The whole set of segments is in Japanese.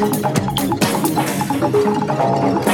Thank you.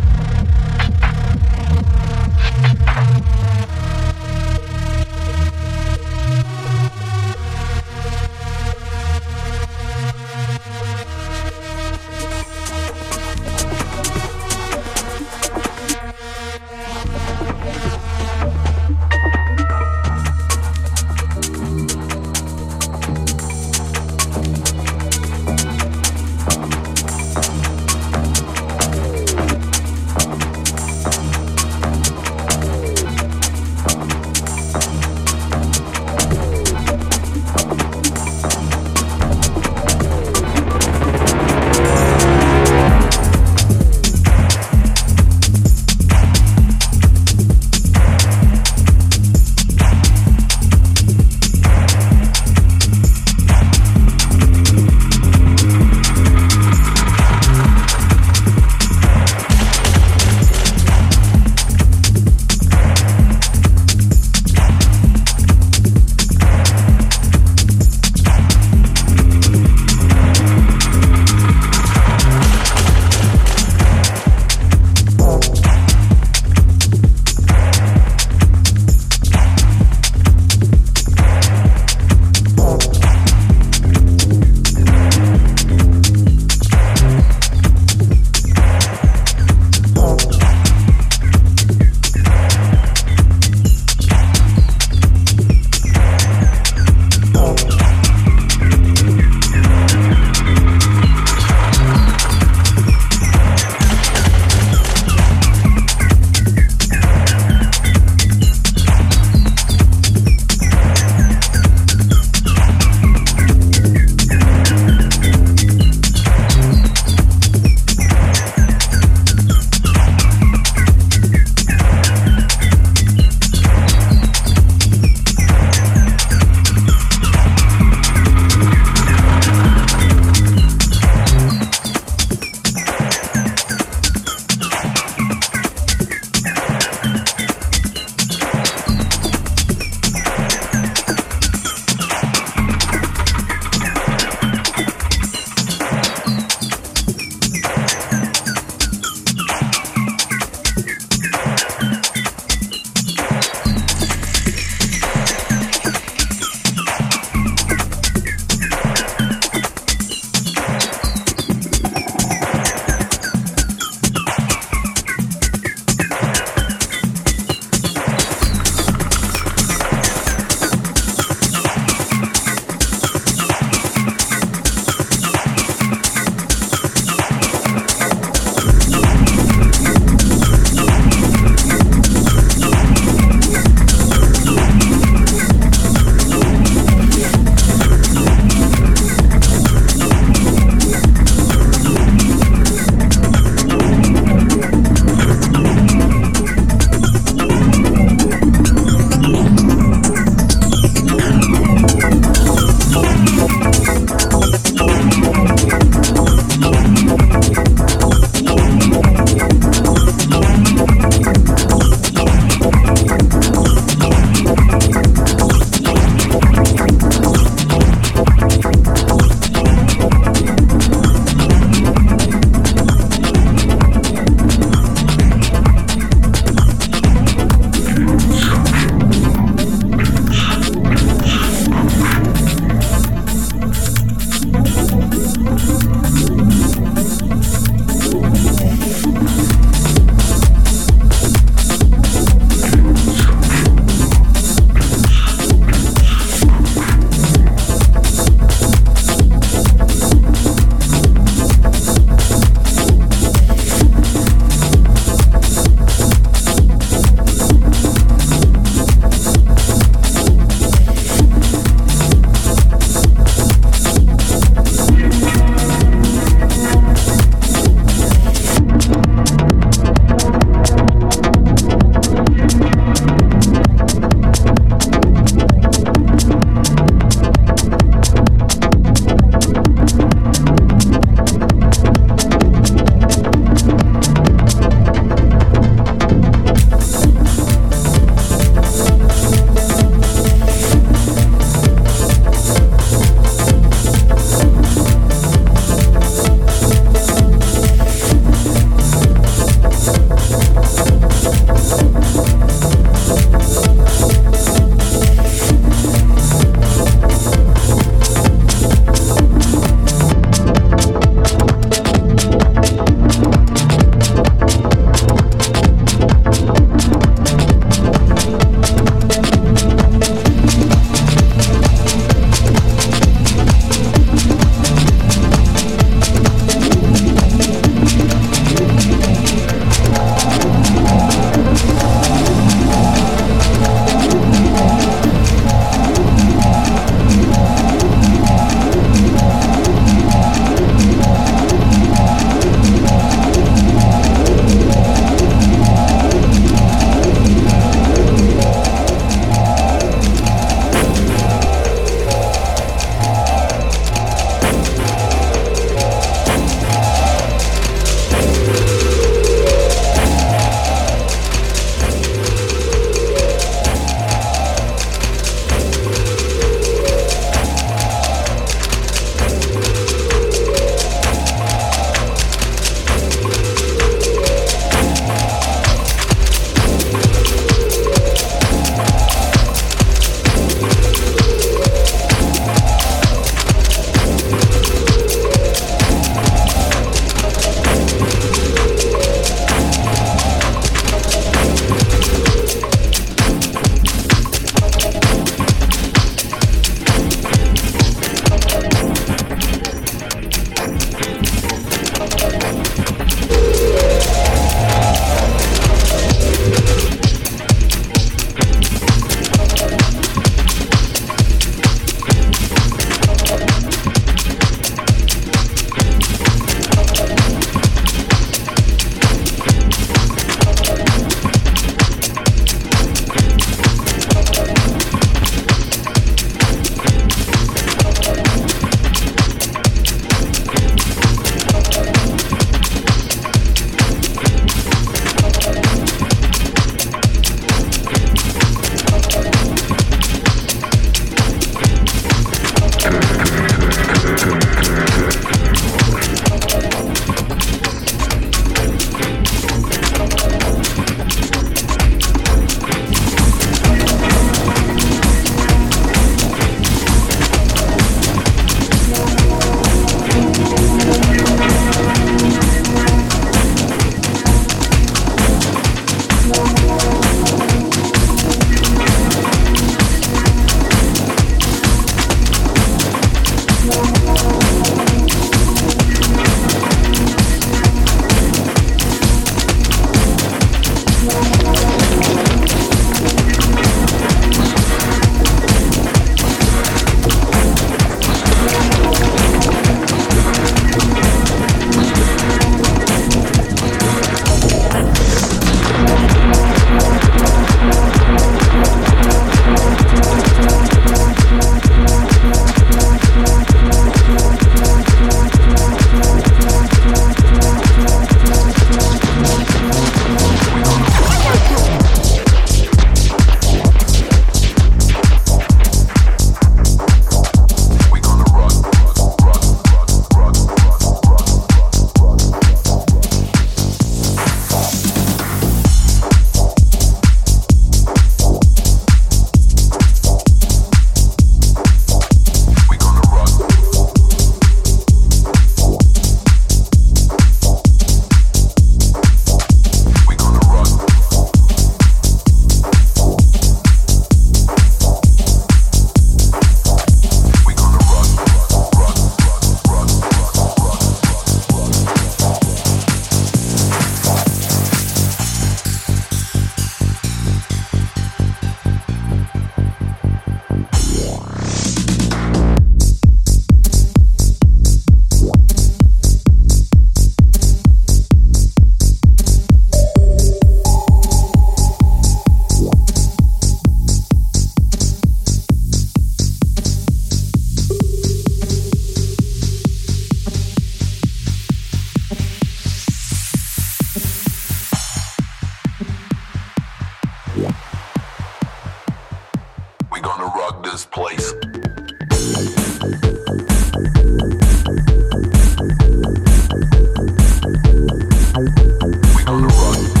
Run.